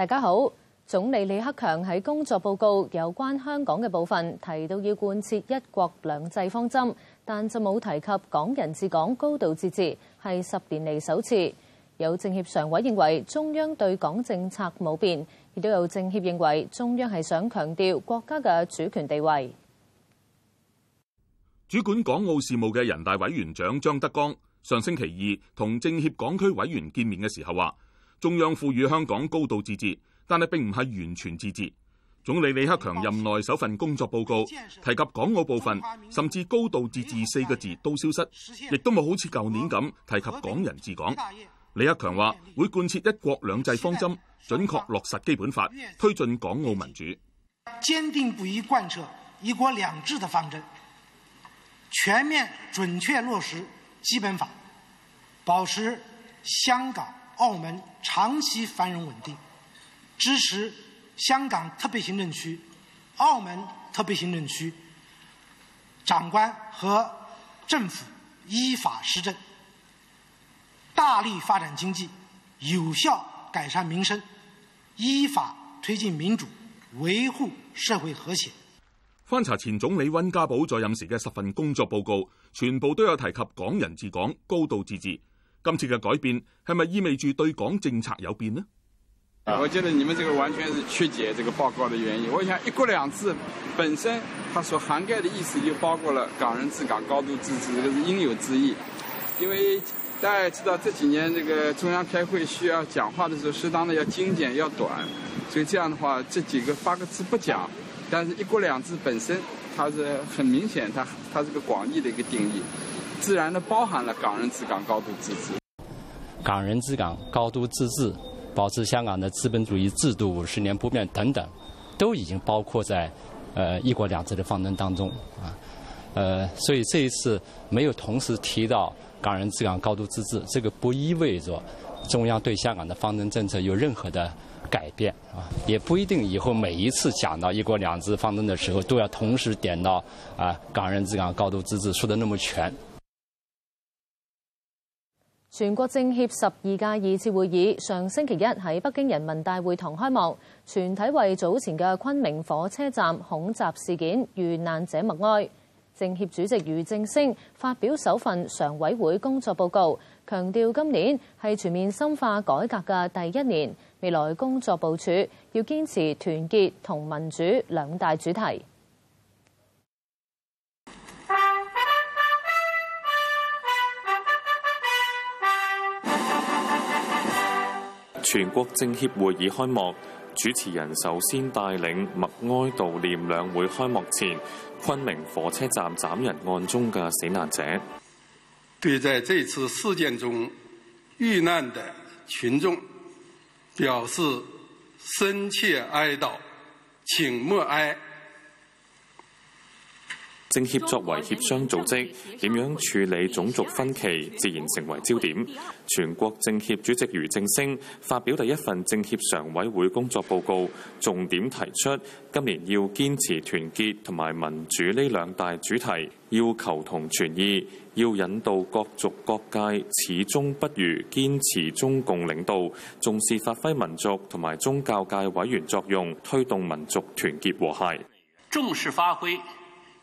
大家好，總理李克強喺工作報告有關香港嘅部分提到要貫徹一國兩制方針，但就冇提及港人治港、高度自治，係十年嚟首次。有政協常委認為中央對港政策冇變，亦都有政協認為中央係想強調國家嘅主權地位。主管港澳事務嘅人大委員長張德江上星期二同政協港區委員見面嘅時候話，中央賦予香港高度自治，但係並唔係完全自治。總理李克強任內首份工作報告提及港澳部分，甚至“高度自治”四個字都消失，亦都冇好似舊年咁提及“港人治港”。李克強話會貫徹一國兩制方針，準確落實基本法，推進港澳民主。堅定不移貫徹一國兩制的方針，全面準確落實基本法，保持香港。澳門長期繁榮穩定，支持香港特別行政區、澳門特別行政區長官和政府依法施政，大力發展經濟，有效改善民生，依法推進民主，維護社會和諧。翻查前總理溫家寶在任時嘅十份工作報告，全部都有提及“港人治港，高度自治”。今次嘅改變係咪意味住對港政策有變呢？我覺得你們這個完全是曲解這個報告的原因。我想一國兩制本身，它所涵蓋的意思就包括了港人治港、高度自治，這，就是應有之義。因為大家知道這幾年，這個中央開會需要講話的時候，適當的要精簡、要短，所以這樣的話，這幾個八個字不講，但是一國兩制本身，它是很明顯，它它是一個廣義的一個定義。自然地包含了港人治港、高度自治，港人治港、高度自治，保持香港的資本主義制度五十年不變等等，都已經包括在呃“一國兩制”的方針當中啊。呃，所以這一次沒有同時提到港人治港、高度自治，這個不意味着中央對香港的方針政策有任何的改變啊，也不一定以後每一次講到“一國兩制”方針的時候都要同時點到啊“港人治港、高度自治”，說的那麼全。全國政協十二屆二次會議上星期一喺北京人民大會堂開幕，全體為早前嘅昆明火車站恐襲事件遇難者默哀。政協主席俞正聲發表首份常委會工作報告，強調今年係全面深化改革嘅第一年，未來工作部署要堅持團結同民主兩大主題。全國政協會議開幕，主持人首先帶領默哀悼念兩會開幕前昆明火車站斬人案中嘅死難者。對在這次事件中遇難的群眾表示深切哀悼，請默哀。政協作為協商組織，點樣處理種族分歧，自然成為焦點。全國政協主席俞正聲發表第一份政協常委會工作報告，重點提出今年要堅持團結同埋民主呢兩大主題，要求同存異，要引導各族各界始終不渝堅持中共領導，重視發揮民族同埋宗教界委員作用，推動民族團結和諧，重視發揮。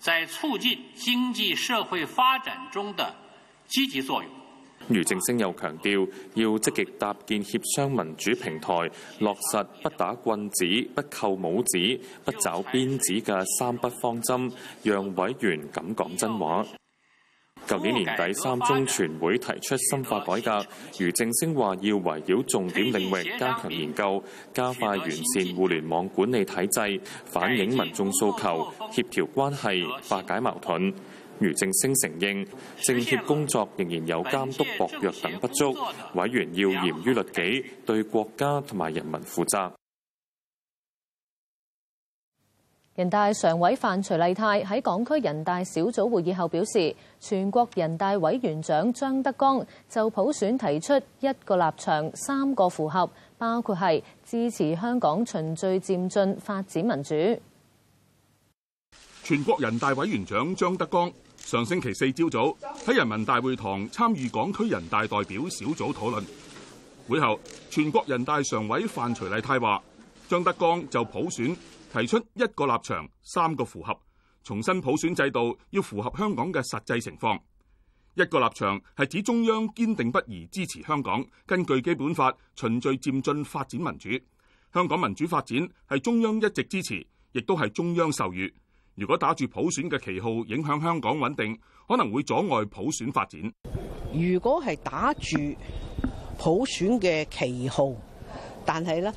在促進經濟社會發展中的積極作用。俞正聲又強調，要積極搭建協商民主平台，落實不打棍子、不扣帽子、不找鞭子嘅“三不方針”，讓委員敢講真話。舊年年底三中全會提出深化改革，俞正聲話要圍繞重點領域加強研究，加快完善互聯網管理體制，反映民眾訴求，協調關係，化解矛盾。俞正聲承認政協工作仍然有監督薄弱等不足，委員要嚴於律己，對國家同埋人民負責。人大常委范徐麗泰喺港區人大小組會議後表示，全國人大委員長張德江就普選提出一個立場、三個符合，包括係支持香港循序漸進發展民主。全國人大委員長張德江上星期四朝早喺人民大會堂參與港區人大代表小組討論，會後全國人大常委范徐麗泰話，張德江就普選。提出一個立場三個符合，重新普選制度要符合香港嘅實際情況。一個立場係指中央堅定不移支持香港，根據基本法循序漸進發展民主。香港民主發展係中央一直支持，亦都係中央授予，如果打住普選嘅旗號影響香港穩定，可能會阻礙普選發展。如果係打住普選嘅旗號，但係咧。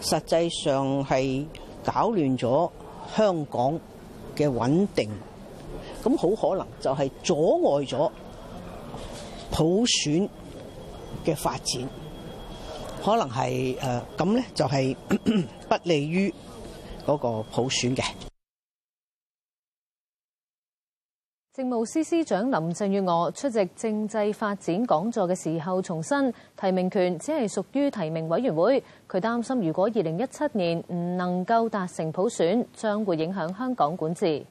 實際上係搞亂咗香港嘅穩定，咁好可能就係阻礙咗普選嘅發展，可能係誒咁咧，呃、就係、是、 不利於嗰個普選嘅。政務司司長林鄭月娥出席政制發展講座嘅時候重申，提名權只係屬於提名委員會。佢擔心，如果二零一七年唔能夠達成普選，將會影響香港管治。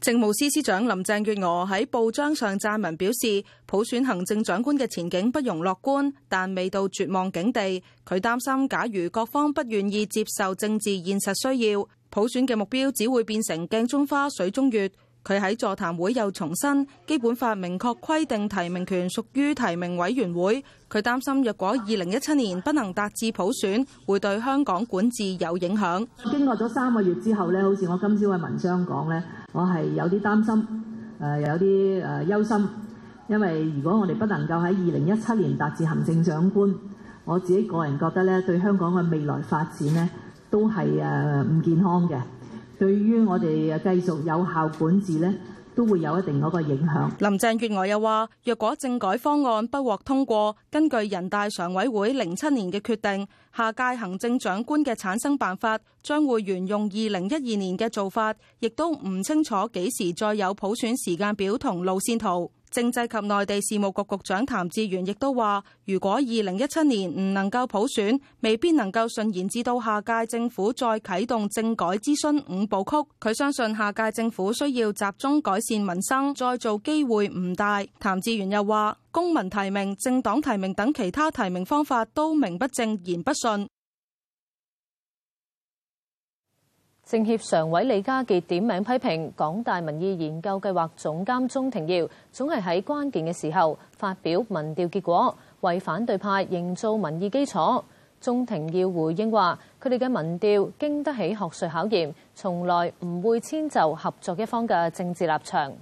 政務司司長林鄭月娥喺報章上撰文表示，普選行政長官嘅前景不容樂觀，但未到絕望境地。佢擔心，假如各方不願意接受政治現實需要，普選嘅目標只會變成鏡中花、水中月。佢喺座談會又重申，《基本法》明確規定提名權屬於提名委員會，佢擔心，若果二零一七年不能達至普選，會對香港管治有影響。經過咗三個月之後咧，好似我今朝嘅文章講咧，我係有啲擔心，誒有啲誒憂心，因為如果我哋不能夠喺二零一七年達至行政長官，我自己個人覺得咧，對香港嘅未來發展咧，都係誒唔健康嘅。對於我哋繼續有效管治呢，都會有一定嗰個影響。林鄭月娥又話，若果政改方案不獲通過，根據人大常委會零七年嘅決定，下屆行政長官嘅產生辦法將會沿用二零一二年嘅做法，亦都唔清楚幾時再有普選時間表同路線圖。政制及內地事務局局長譚志源亦都話：如果二零一七年唔能夠普選，未必能夠順延至到下屆政府再啟動政改諮詢五部曲。佢相信下屆政府需要集中改善民生，再做機會唔大。譚志源又話：公民提名、政黨提名等其他提名方法都名不正言不順。政協常委李家傑點名批評港大民意研究計劃總監鍾庭耀，總係喺關鍵嘅時候發表民調結果，為反對派營造民意基礎。鍾庭耀回應話，佢哋嘅民調經得起學術考驗，從來唔會遷就合作一方嘅政治立場。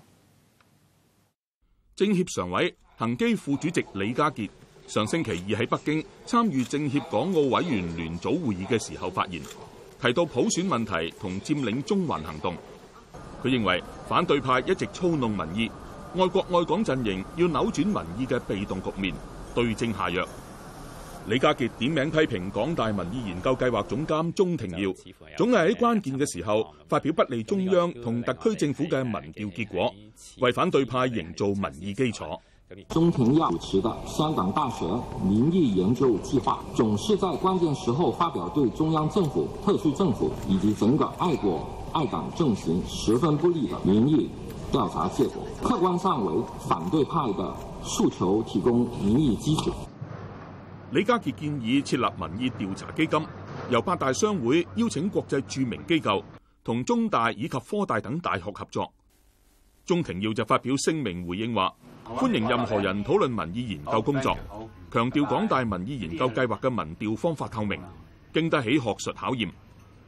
政協常委、恒基副主席李家傑上星期二喺北京參與政協港澳委員聯組會議嘅時候發言。提到普選問題同佔領中環行動，佢認為反對派一直操弄民意，愛國愛港陣營要扭轉民意嘅被動局面，對症下藥。李家傑點名批評港大民意研究計劃總監鐘庭耀，總係喺關鍵嘅時候發表不利中央同特區政府嘅民調結果，為反對派營造民意基礎。鍾庭耀主持的香港大學民意研究計劃，總是在關鍵時候發表對中央政府、特區政府以及整個愛國愛港政權十分不利的民意調查結果，客觀上為反對派的訴求提供民意支持。李家傑建議設立民意調查基金，由八大商會邀請國際著名機構同中大以及科大等大學合作。鍾庭耀就發表聲明回應，話。歡迎任何人討論民意研究工作，強調港大民意研究計劃嘅民調方法透明，經得起學術考驗。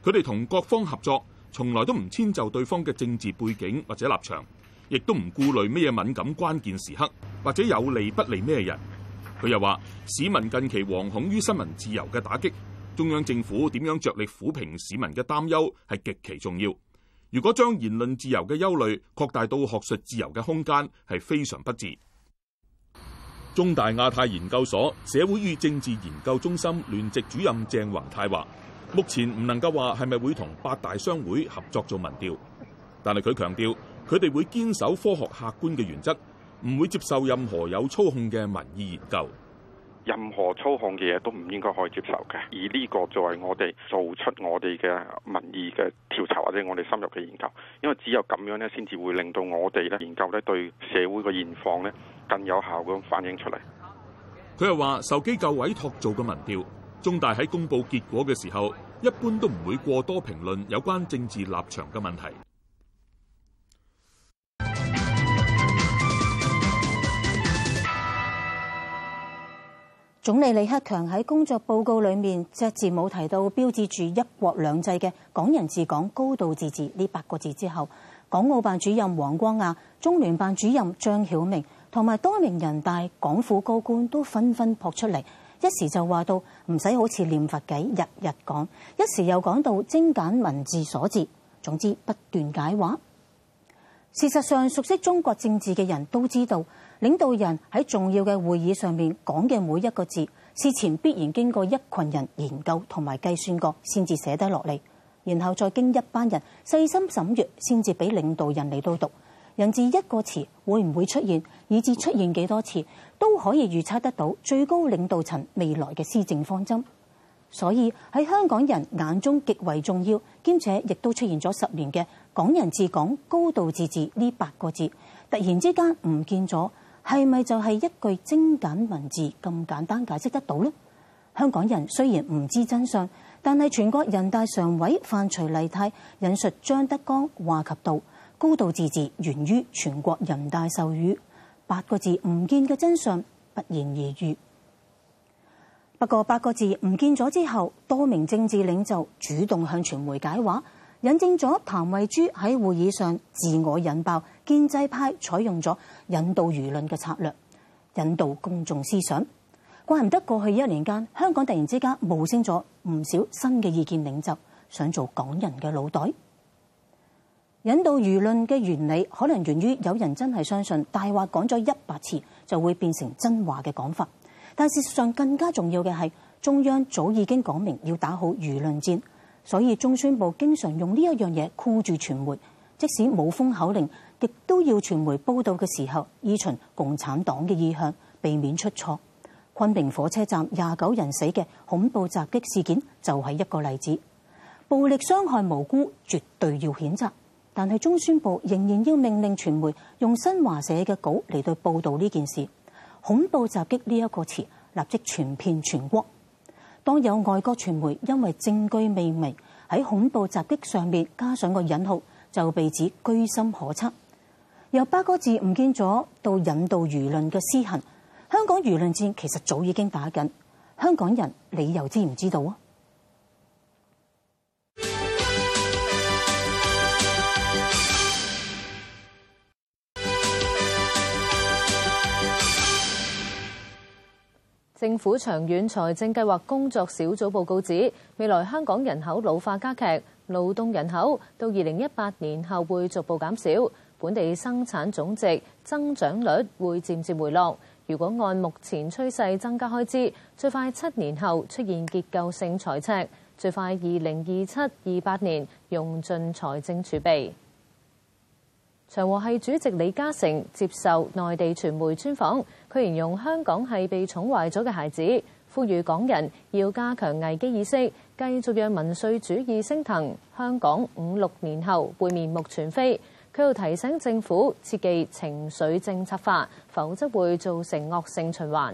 佢哋同各方合作，從來都唔遷就對方嘅政治背景或者立場，亦都唔顧慮咩嘢敏感關鍵時刻或者有利不利咩人。佢又話，市民近期惶恐於新聞自由嘅打擊，中央政府點樣着力撫平市民嘅擔憂係極其重要。如果將言論自由嘅憂慮擴大到學術自由嘅空間，係非常不智。中大亞太研究所社會與政治研究中心聯席主任鄭宏泰話，目前唔能夠話係咪會同八大商會合作做民調，但係佢強調，佢哋會堅守科學客觀嘅原則，唔會接受任何有操控嘅民意研究。任何粗行嘅嘢都唔應該可以接受嘅，而呢個作為我哋做出我哋嘅民意嘅調查或者我哋深入嘅研究，因為只有咁樣咧，先至會令到我哋咧研究咧對社會嘅現況咧更有效咁反映出嚟。佢又話受機構委託做嘅民調，中大喺公布結果嘅時候，一般都唔會過多評論有關政治立場嘅問題。總理李克強喺工作報告裏面，隻字冇提到標誌住一國兩制嘅「港人治港、高度自治」呢八個字之後，港澳辦主任王光亞、中聯辦主任張曉明同埋多名人大、港府高官都紛紛撲出嚟，一時就話到唔使好似念佛偈日日講，一時又講到精簡文字所致，總之不斷解話。事實上，熟悉中國政治嘅人都知道。領導人喺重要嘅會議上面講嘅每一個字，事前必然經過一群人研究同埋計算過，先至寫得落嚟，然後再經一班人細心審閱，先至俾領導人嚟到讀。甚至一個詞會唔會出現，以至出現幾多次，都可以預測得到最高領導層未來嘅施政方針。所以喺香港人眼中極為重要，兼且亦都出現咗十年嘅「港人治港、高度自治」呢八個字，突然之間唔見咗。係咪就係一句精簡文字咁簡單解釋得到呢？香港人雖然唔知真相，但係全國人大常委范徐麗泰引述張德江話及道：「高度自治源於全國人大授予，八個字唔見嘅真相不言而喻。」不過八個字唔見咗之後，多名政治領袖主動向傳媒解話，引證咗譚慧珠喺會議上自我引爆。建制派採用咗引導輿論嘅策略，引導公眾思想，怪唔得過去一年間，香港突然之間冒升咗唔少新嘅意見領袖，想做港人嘅腦袋。引導輿論嘅原理可能源於有人真係相信大話講咗一百次就會變成真話嘅講法，但事實上更加重要嘅係中央早已經講明要打好輿論戰，所以中宣部經常用呢一樣嘢箍住傳媒，即使冇封口令。亦都要傳媒報導嘅時候，依循共產黨嘅意向，避免出錯。昆明火車站廿九人死嘅恐怖襲擊事件就係一個例子。暴力傷害無辜，絕對要譴責。但係中宣部仍然要命令傳媒用新華社嘅稿嚟對報導呢件事。恐怖襲擊呢一個詞立即傳遍全國。當有外國傳媒因為證據未明喺恐怖襲擊上面加上個引號，就被指居心叵測。由八個字唔見咗到引導輿論嘅私行。香港輿論戰其實早已經打緊。香港人，你又知唔知道啊？政府長遠財政計劃工作小組報告指，未來香港人口老化加劇，勞動人口到二零一八年後會逐步減少。本地生產總值增長率會漸漸回落。如果按目前趨勢增加開支，最快七年後出現結構性財赤，最快二零二七二八年用盡財政儲備。長和系主席李嘉誠接受內地傳媒專訪，佢形容香港係被寵壞咗嘅孩子，呼籲港人要加強危機意識，繼續讓民粹主義升騰，香港五六年後會面目全非。佢要提醒政府切忌情緒政策化，否則會造成惡性循環。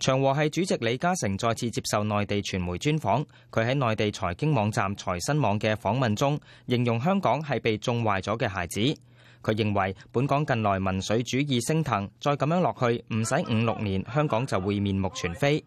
長和系主席李嘉誠再次接受內地傳媒專訪，佢喺內地財經網站財新網嘅訪問中，形容香港係被縱壞咗嘅孩子。佢認為本港近來民粹主義升騰，再咁樣落去，唔使五六年，香港就會面目全非。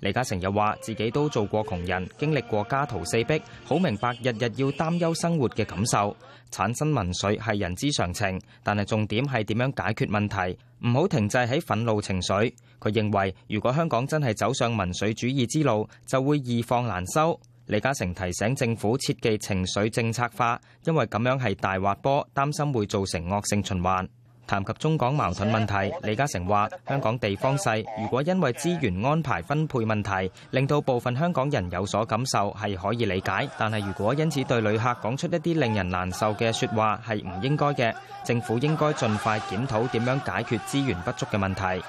李嘉誠又話：自己都做過窮人，經歷過家徒四壁，好明白日日要擔憂生活嘅感受，產生民粹係人之常情。但係重點係點樣解決問題，唔好停滯喺憤怒情緒。佢認為，如果香港真係走上民粹主義之路，就會易放難收。李嘉誠提醒政府切忌情緒政策化，因為咁樣係大滑坡，擔心會造成惡性循環。談及中港矛盾問題，李嘉誠話香港地方細，如果因為資源安排分配問題令到部分香港人有所感受，係可以理解。但係如果因此對旅客講出一啲令人難受嘅說話，係唔應該嘅。政府應該盡快檢討點樣解決資源不足嘅問題。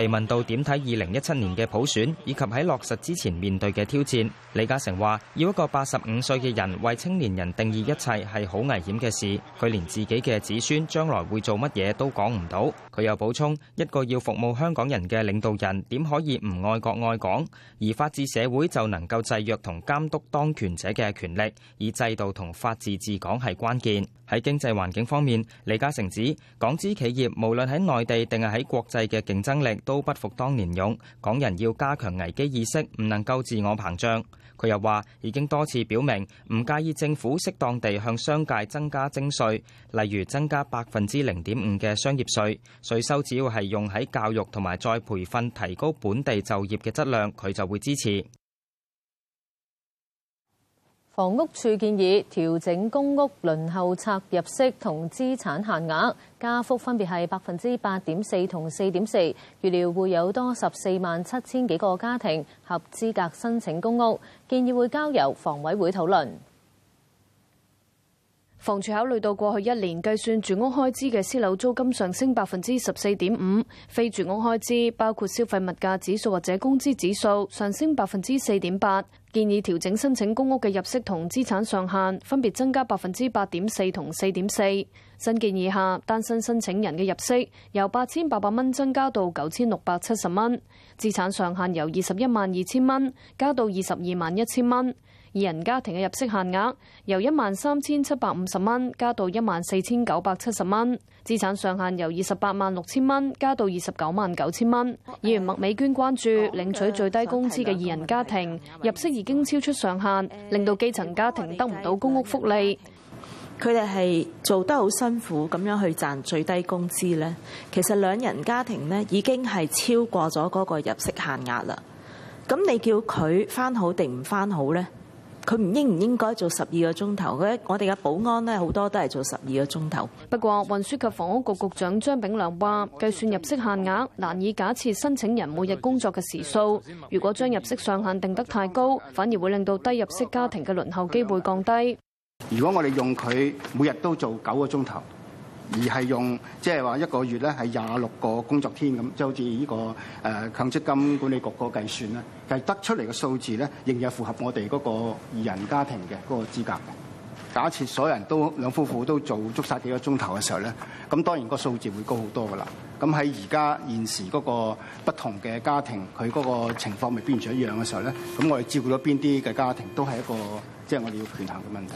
被問到點睇2017年嘅普選以及喺落實之前面對嘅挑戰，李嘉誠話：要一個85歲嘅人為青年人定義一切係好危險嘅事。佢連自己嘅子孫將來會做乜嘢都講唔到。佢又補充：一個要服務香港人嘅領導人，點可以唔愛國愛港？而法治社會就能夠制約同監督當權者嘅權力，以制度同法治治港係關鍵。喺經濟環境方面，李嘉誠指港資企業無論喺內地定係喺國際嘅競爭力，都不復當年勇，港人要加強危機意識，唔能夠自我膨脹，佢又話已經多次表明，唔介意政府適當地向商界增加徵稅，例如增加百分之零點五嘅商業稅。稅收只要係用喺教育同埋再培訓提高本地就業嘅質量，佢就會支持。房屋署建議調整公屋輪候冊入息同資產限額，加幅分別係百分之八點四同四點四，預料會有多十四萬七千幾個家庭合資格申請公屋，建議會交由房委會討論。房署考慮到過去一年計算住屋開支嘅私樓租金上升百分之十四點五，非住屋開支包括消費物價指數或者工資指數上升百分之四點八，建議調整申請公屋嘅入息同資產上限，分別增加百分之八點四同四點四。新建議下，單身申請人嘅入息由八千八百蚊增加到九千六百七十蚊，資產上限由二十一萬二千蚊加到二十二萬一千蚊。二人家庭嘅入息限額由一萬三千七百五十蚊加到一萬四千九百七十蚊，資產上限由二十八萬六千蚊加到二十九萬九千蚊。議員麥美娟關注領取最低工資嘅二人家庭入息已經超出上限，令到基層家庭得唔到公屋福利。佢哋係做得好辛苦咁樣去賺最低工資咧。其實兩人家庭咧已經係超過咗嗰個入息限額啦。咁你叫佢翻好定唔翻好咧？佢唔應唔應該做十二個鐘頭嘅？我哋嘅保安呢，好多都係做十二個鐘頭。不過，運輸及房屋局局長張炳良話：計算入息限額難以假設申請人每日工作嘅時數。如果將入息上限定得太高，反而會令到低入息家庭嘅輪候機會降低。如果我哋用佢每日都做九個鐘頭。而係用即係話一個月咧係廿六個工作天咁，就好似呢個誒、呃、強積金管理局個計算咧，係得出嚟嘅數字咧，仍然符合我哋嗰個二人家庭嘅嗰個資格。假設所有人都兩夫婦都做足晒幾個鐘頭嘅時候咧，咁當然個數字會高好多㗎啦。咁喺而家現時嗰個不同嘅家庭佢嗰個情況未必完全一樣嘅時候咧，咁我哋照顧到邊啲嘅家庭都係一個即係、就是、我哋要權衡嘅問題。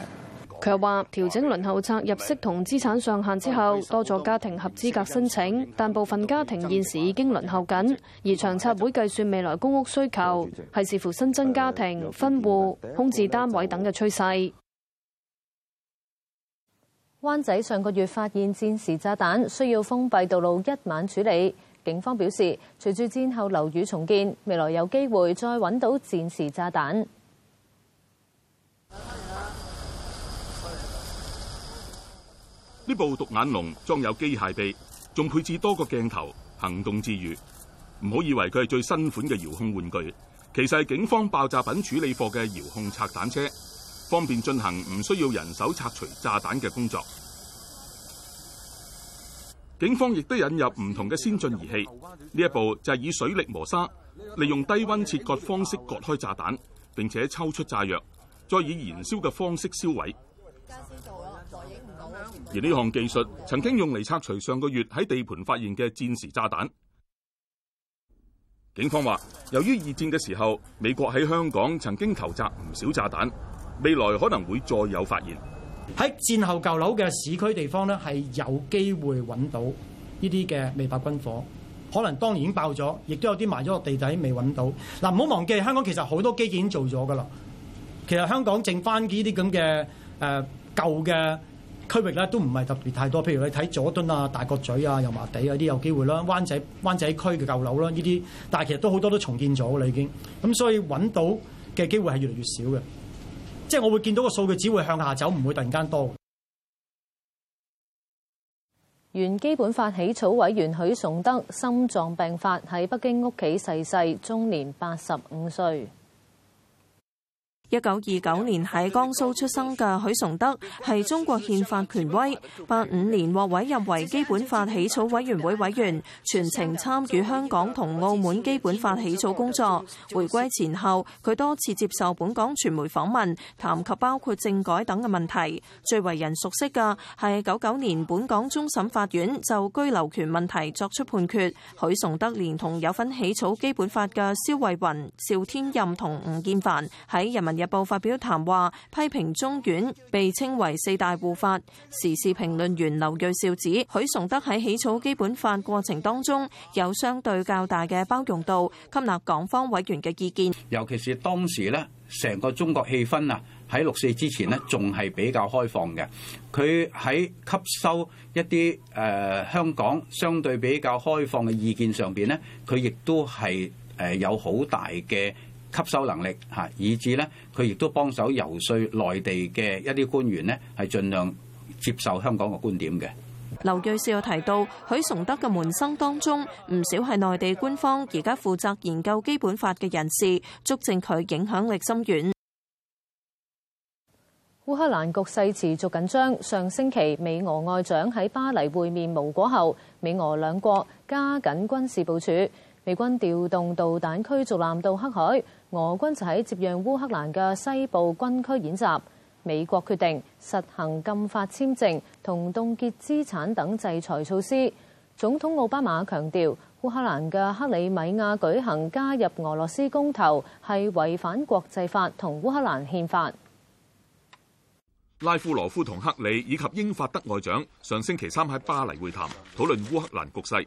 佢又話：調整輪候策入息同資產上限之後，多咗家庭合資格申請，但部分家庭現時已經輪候緊。而長策會計算未來公屋需求，係視乎新增家庭、分戶、空置單位等嘅趨勢。灣仔上個月發現戰時炸彈，需要封閉道路一晚處理。警方表示，隨住戰後樓宇重建，未來有機會再揾到戰時炸彈。呢部獨眼龍裝有機械臂，仲配置多個鏡頭，行動自如。唔好以為佢係最新款嘅遙控玩具，其實係警方爆炸品處理課嘅遙控拆彈車，方便進行唔需要人手拆除炸彈嘅工作。警方亦都引入唔同嘅先進儀器，呢一部就係以水力磨砂，利用低温切割方式割開炸彈，並且抽出炸藥，再以燃燒嘅方式銷毀。而呢項技術曾經用嚟拆除上個月喺地盤發現嘅戰時炸彈。警方話，由於二戰嘅時候，美國喺香港曾經投擲唔少炸彈，未來可能會再有發現。喺戰後舊樓嘅市區地方呢，係有機會揾到呢啲嘅未爆軍火。可能當年爆咗，亦都有啲埋咗落地底未揾到。嗱，唔好忘記，香港其實好多基建做咗噶啦。其實香港剩翻呢啲咁嘅誒舊嘅。區域咧都唔係特別太多，譬如你睇佐敦啊、大角咀啊、油麻地啊啲有機會啦，灣仔灣仔區嘅舊樓啦呢啲，但係其實都好多都重建咗啦已經，咁所以揾到嘅機會係越嚟越少嘅，即係我會見到個數據只會向下走，唔會突然間多。原基本法起草委員許崇德心臟病發喺北京屋企逝世，終年八十五歲。一九二九年喺江蘇出生嘅許崇德係中國憲法權威，八五年獲委任為基本法起草委員會委員，全程參與香港同澳門基本法起草工作。回歸前後，佢多次接受本港傳媒訪問，談及包括政改等嘅問題。最為人熟悉嘅係九九年本港終審法院就居留權問題作出判決，許崇德連同有份起草基本法嘅蕭惠雲、邵天任同吳建凡喺人民日報發表談話批評中院被稱為四大護法。時事評論員劉銳紹指，許崇德喺起草基本法過程當中有相對較大嘅包容度，吸納港方委員嘅意見。尤其是當時呢，成個中國氣氛啊，喺六四之前呢，仲係比較開放嘅。佢喺吸收一啲誒香港相對比較開放嘅意見上邊呢，佢亦都係誒有好大嘅。吸收能力嚇，以致呢，佢亦都幫手游說內地嘅一啲官員呢，係盡量接受香港嘅觀點嘅。劉瑞士又提到，許崇德嘅門生當中，唔少係內地官方而家負責研究基本法嘅人士，足證佢影響力深遠。烏克蘭局勢持續緊張，上星期美俄外長喺巴黎會面無果後，美俄兩國加緊軍事部署，美軍調動導彈驅逐艦到黑海。俄軍就喺接壤烏克蘭嘅西部軍區演習。美國決定實行禁發簽證同凍結資產等制裁措施。總統奧巴馬強調，烏克蘭嘅克里米亞舉行加入俄羅斯公投係違反國際法同烏克蘭憲法。拉夫羅夫同克里以及英法德外長上星期三喺巴黎會談，討論烏克蘭局勢。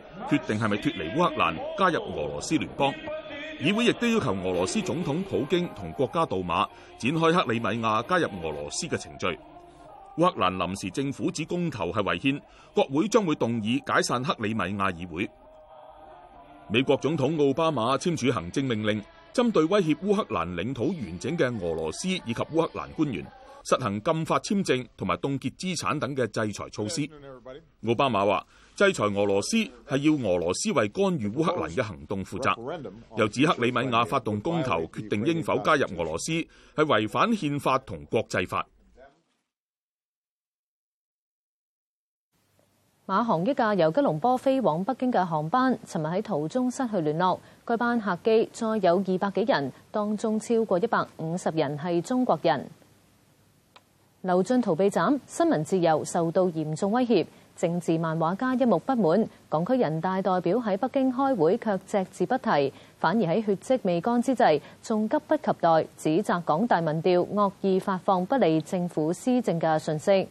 決定係咪脫離烏克蘭加入俄羅斯聯邦？議會亦都要求俄羅斯總統普京同國家杜馬展開克里米亞加入俄羅斯嘅程序。烏克蘭臨時政府指公投係違憲，國會將會動議解散克里米亞議會。美國總統奧巴馬簽署行政命令，針對威脅烏克蘭領土完整嘅俄羅斯以及烏克蘭官員，實行禁發簽證同埋凍結資產等嘅制裁措施。奧巴馬話。制裁俄羅斯係要俄羅斯為干預烏克蘭嘅行動負責，又指克里米亞發動公投決定應否加入俄羅斯係違反憲法同國際法。馬航一架由吉隆坡飛往北京嘅航班，尋日喺途中失去聯絡，該班客機載有二百幾人，當中超過一百五十人係中國人。劉進圖被斬，新聞自由受到嚴重威脅。政治漫畫家一目不滿，港區人大代表喺北京開會，卻隻字不提，反而喺血跡未乾之際，仲急不及待指責港大民調惡意發放不利政府施政嘅信息。